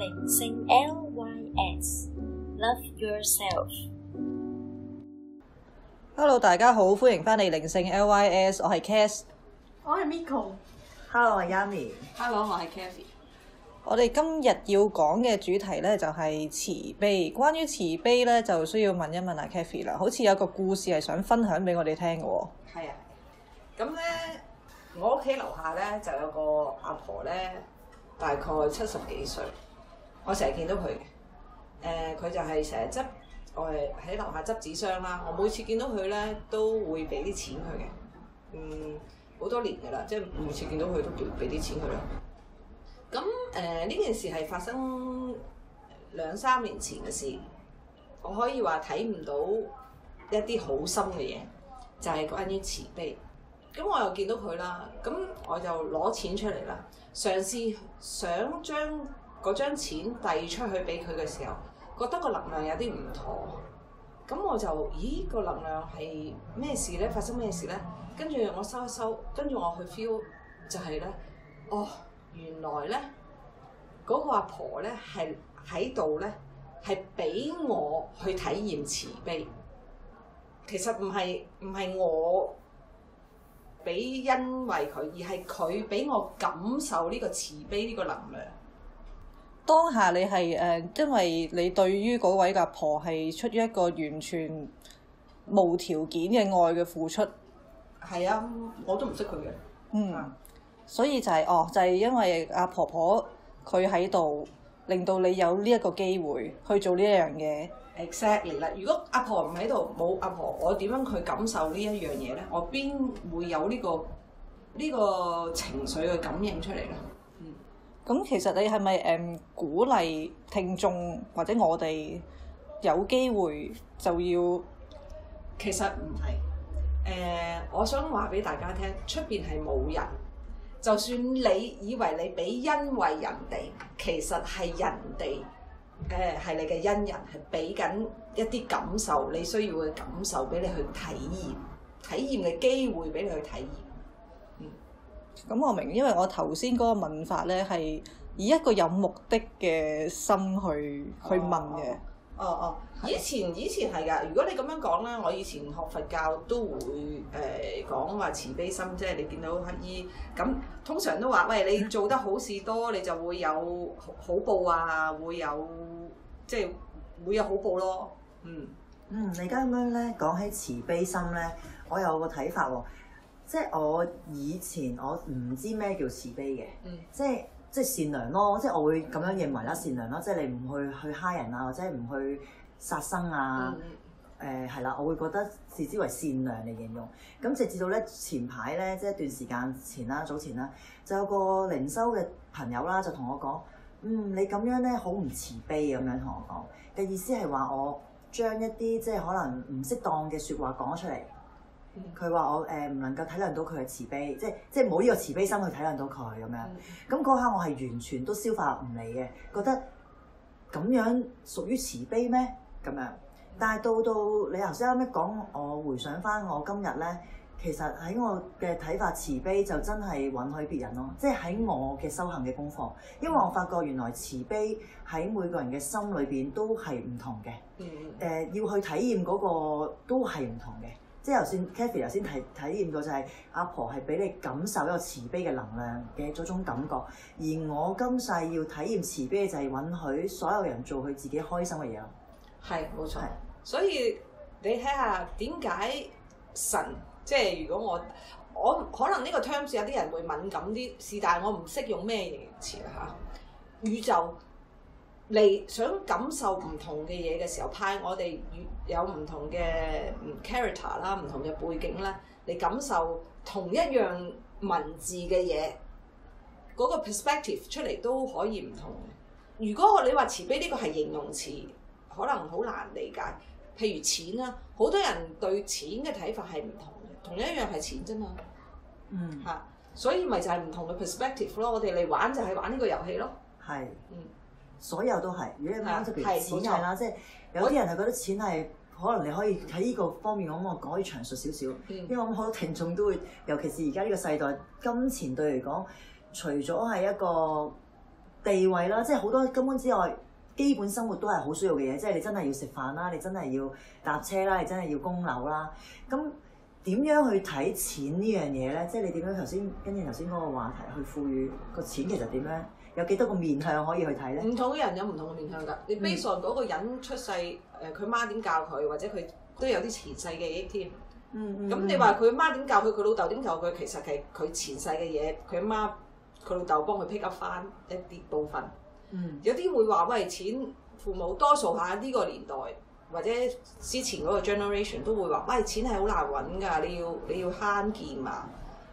靈性 L Y S，Love Yourself。Hello，大家好，歡迎翻嚟靈性 L Y S。我係 Cass，我係 Miko。Hello, Hello，我係 Yami。Hello，我係 Cathy。我哋今日要講嘅主題咧就係慈悲。關於慈悲咧，就需要問一問阿 Cathy 啦。好似有個故事係想分享俾我哋聽嘅。係啊。咁咧，我屋企樓下咧就有個阿婆咧，大概七十幾歲。我成日見到佢嘅。誒、呃、佢就係成日執，我係喺樓下執紙箱啦。我每次見到佢咧，都會俾啲錢佢嘅，嗯，好多年噶啦，即係每次見到佢都俾俾啲錢佢啦。咁誒呢件事係發生兩三年前嘅事，我可以話睇唔到一啲好深嘅嘢，就係、是、關於慈悲。咁我又見到佢啦，咁我就攞錢出嚟啦，嘗試想將嗰張錢遞出去俾佢嘅時候，覺得個能量有啲唔妥，咁我就，咦個能量係咩事咧？發生咩事咧？跟住我收一收，跟住我去 feel 就係咧，哦，原來咧嗰個阿婆咧係喺度咧，係俾我去體驗慈悲。其實唔係唔係我俾因為佢，而係佢俾我感受呢個慈悲呢個能量。當下你係誒，因為你對於嗰位阿婆係出於一個完全無條件嘅愛嘅付出。係啊，我都唔識佢嘅。嗯，啊、所以就係、係、哦，就係、係、因為阿婆婆佢喺度，令到你有呢一個機會去做呢一樣嘢。Exactly，如果阿婆唔喺度，冇阿婆婆，我點樣去感受呢一樣嘢咧？我邊會有呢個呢個情緒嘅感應出嚟咧？咁其實你係咪誒鼓勵聽眾或者我哋有機會就要？其實唔係，誒、呃，我想話俾大家聽，出邊係冇人，就算你以為你俾恩惠人哋，其實係人哋誒係你嘅恩人，係俾緊一啲感受你需要嘅感受俾你去體驗，體驗嘅機會俾你去體驗。咁我明，因為我頭先嗰個問法咧，係以一個有目的嘅心去去問嘅、哦。哦哦是以，以前以前係㗎。如果你咁樣講咧，我以前學佛教都會誒講話慈悲心，即係你見到乞兒咁通常都話：喂，你做得好事多，你就會有好報啊！會有即係會有好報咯。嗯。嗯。你而家咁樣咧講起慈悲心咧，我有個睇法喎、哦。即係我以前我唔知咩叫慈悲嘅，嗯、即係即係善良咯，即係我會咁樣認為啦，善良咯，嗯、即係你唔去去蝦人啊，或者唔去殺生啊，誒係啦，我會覺得視之為善良嚟形容。咁直至到咧前排咧，即係一段時間前啦，早前啦，就有個靈修嘅朋友啦，就同我講，嗯，你咁樣咧好唔慈悲，咁樣同我講嘅意思係話我將一啲即係可能唔適當嘅説話講出嚟。佢話、嗯、我誒唔、呃、能夠體諒到佢嘅慈悲，即係即係冇呢個慈悲心去體諒到佢咁樣。咁嗰、嗯、刻我係完全都消化唔嚟嘅，覺得咁樣屬於慈悲咩咁樣？嗯、但係到到你頭先啱啱講，我回想翻我今日咧，其實喺我嘅睇法慈悲就真係允許別人咯，即係喺我嘅修行嘅功課，因為我發覺原來慈悲喺每個人嘅心裏邊都係唔同嘅，誒、嗯呃、要去體驗嗰個都係唔同嘅。即係頭先，Cathy 頭先體體驗過就係、是、阿婆係俾你感受一個慈悲嘅能量嘅嗰種感覺，而我今世要體驗慈悲就係允許所有人做佢自己開心嘅嘢。係冇錯，係所以你睇下點解神即係如果我我可能呢個 terms 有啲人會敏感啲，但是但係我唔識用咩詞啦吓，宇宙。嚟想感受唔同嘅嘢嘅時候，派我哋有唔同嘅 character 啦，唔同嘅背景啦，嚟感受同一樣文字嘅嘢，嗰個 perspective 出嚟都可以唔同。如果你話慈悲呢個係形容詞，可能好難理解。譬如錢啦，好多人對錢嘅睇法係唔同嘅，同一樣係錢啫嘛。嗯。吓，所以咪就係唔同嘅 perspective 咯。我哋嚟玩就係玩呢個遊戲咯。係。嗯。所有都係，如果講出嚟錢係啦，即係有啲人就覺得錢係 可能你可以喺呢個方面我咁可以詳述少少，因為我好多聽眾都會，尤其是而家呢個世代，金錢對嚟講除咗係一個地位啦，即係好多根本之外，基本生活都係好需要嘅嘢，即係你真係要食飯啦，你真係要搭車啦，你真係要供樓啦。咁點樣去睇錢呢樣嘢咧？即係你點樣頭先跟住頭先嗰個話題去賦予個錢其實點樣？有幾多個面向可以去睇咧？唔同嘅人有唔同嘅面向㗎。你 base 上嗰個人出世，誒佢媽點教佢，或者佢都有啲前世嘅記憶添。嗯，咁你話佢媽點教佢，佢老豆點教佢，其實係佢前世嘅嘢。佢媽、佢老豆幫佢 pick up 翻一啲部分。嗯。有啲會話喂，錢，父母多數下呢個年代或者之前嗰個 generation 都會話，喂，錢係好難揾㗎，你要你要慳儉啊。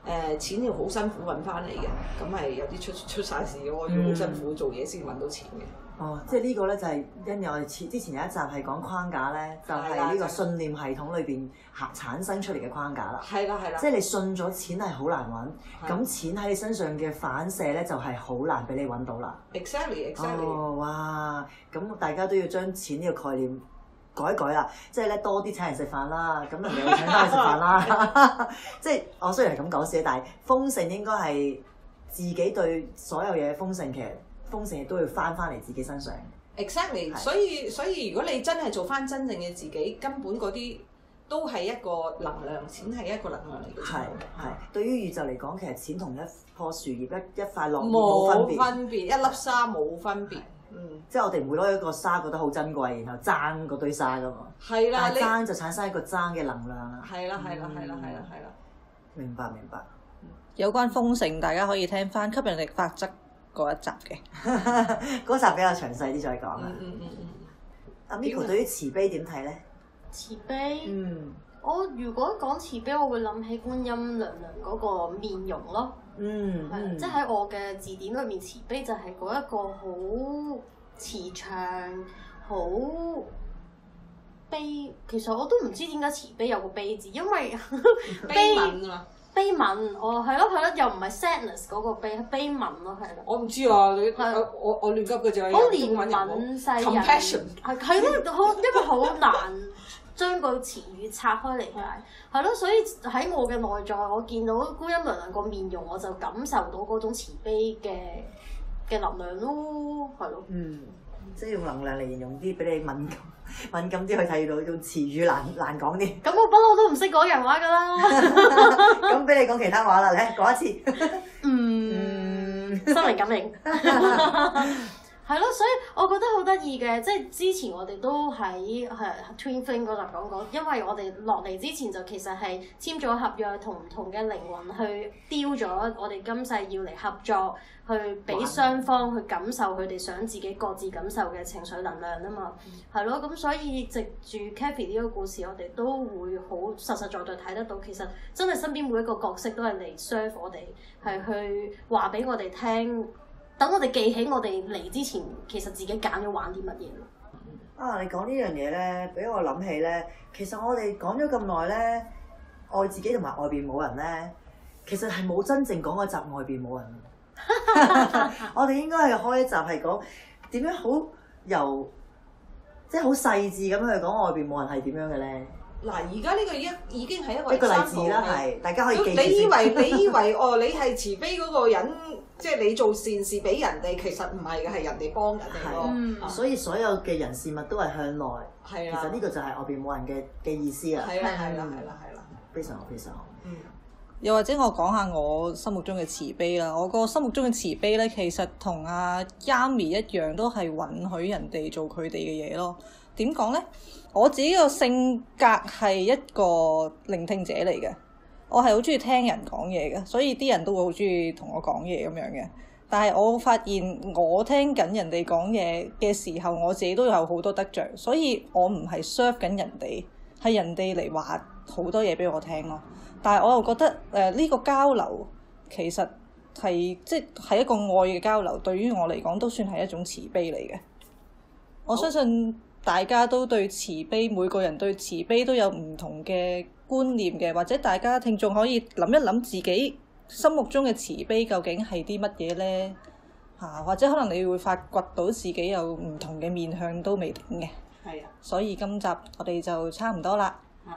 誒錢要好辛苦揾翻嚟嘅，咁係有啲出出曬事，我要好辛苦做嘢先揾到錢嘅，嗯。哦，即係呢個咧就係因為我哋之前有一集係講框架咧，就係呢個信念系統裏邊合產生出嚟嘅框架啦。係啦，係啦。即係你信咗錢係好難揾，咁的錢喺你身上嘅反射咧就係好難俾你揾到啦。Exactly, exactly. 哦，哇！咁大家都要將錢呢個概念。改一改啦，即係咧多啲請人食飯啦，咁人哋會請翻你食飯啦。 即係我雖然係咁講笑，但係豐盛應該係自己對所有嘢豐盛，其實豐盛亦都要翻翻嚟自己身上。Exactly，是所以所以如果你真係做翻真正嘅自己，根本嗰啲都係一個能量， 錢係一個能量嚟嘅。係係，對於宇宙嚟講，其實錢同一棵樹葉一一塊落葉冇分別，一粒沙冇分別。嗯，即係我哋唔會攞一個沙覺得好珍貴，然後爭嗰堆沙㗎嘛，的但係爭就產生一個爭嘅能量啦。係啦的，係啦、嗯，係啦，係啦，係啦。明白，明白。有關豐盛，大家可以聽返吸引力法則嗰一集嘅，嗰 集比較詳細啲，再講啦。嗯嗯嗯阿、嗯啊、Miko 對於慈悲點睇咧？慈悲。嗯。我如果講慈悲，我會諗起觀音娘娘嗰個面容咯。嗯，即喺我嘅字典裏面，慈悲就係嗰一個好慈祥、好悲。其實我都唔知點解慈悲有個悲字，因為 悲憫啊，悲憫哦，係咯係咯，又唔係 sadness 嗰個悲，悲憫咯係。我唔知啊，你的我我，我亂急亂噏嘅就啫。好年憫世人，好憐憫世人。係係咯，好因為好難。的 將個詞語拆開嚟解，係咯，所以喺我嘅內在，我見到觀音娘娘個面容，我就感受到嗰種慈悲嘅嘅能量咯，係咯。嗯，即係用能量嚟形容啲，俾你敏感敏感啲去睇到，用詞語難難講啲。咁 我不嬲都唔識講人話㗎啦。咁 俾 你講其他話啦，你講一次。 嗯，心靈感應。 係咯，所以我覺得好得意嘅，即係之前我哋都喺係 Twin Flame 嗰集講過，因為我哋落嚟之前就其實係簽咗合約，同唔同嘅靈魂去雕咗我哋今世要嚟合作，去俾雙方去感受佢哋想自己各自感受嘅情緒能量啊嘛。係咯，咁所以藉住 Cathy 呢個故事，我哋都會好實實在在睇得到，其實真係身邊每一個角色都係嚟 serve 我哋，係去話俾我哋聽。等我哋記起我哋嚟之前，其實自己揀咗玩啲乜嘢啊。你講呢樣嘢咧，俾我諗起咧，其實我哋講咗咁耐咧，愛自己同埋外邊冇人咧，其實係冇真正講一集外邊冇人。 我哋應該係開一集係講點樣好由，即係好細緻咁去講外邊冇人係點樣嘅咧。嗱，而家呢個一已經係一個例子啦，大家可以記住 你以為，你以為哦，你係慈悲嗰個人，即係你做善事俾人哋，其實唔係嘅，係人哋幫人哋咯。的嗯、所以所有嘅人事物都係向內。的其實呢個就係外邊冇人嘅嘅意思啊。係啦係啦係啦係啦。非常好，非常好。嗯。又或者我講下我心目中嘅慈悲啦，我個心目中嘅慈悲咧，其實同阿 Yami 一樣，都係允許人哋做佢哋嘅嘢咯。點講呢？我自己個性格係一個聆聽者嚟嘅，我係好中意聽人講嘢嘅，所以啲人都會好中意同我講嘢咁樣嘅。但係我發現我聽緊人哋講嘢嘅時候，我自己都有好多得着。所以我唔係 serve 緊人哋，係人哋嚟話好多嘢俾我聽咯。但係我又覺得誒呢、呃呢個交流其實係即係一個愛嘅交流，對於我嚟講都算係一種慈悲嚟嘅。我相信。大家都對慈悲，每個人對慈悲都有唔同嘅觀念嘅，或者大家聽眾可以諗一諗自己心目中嘅慈悲究竟係啲乜嘢呢？吓、啊，或者可能你會發掘到自己有唔同嘅面向都未定嘅。係啊的，所以今集我哋就差唔多啦。的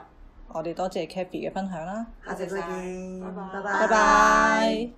我哋多謝 Cathy 嘅分享啦。下次再見，拜拜。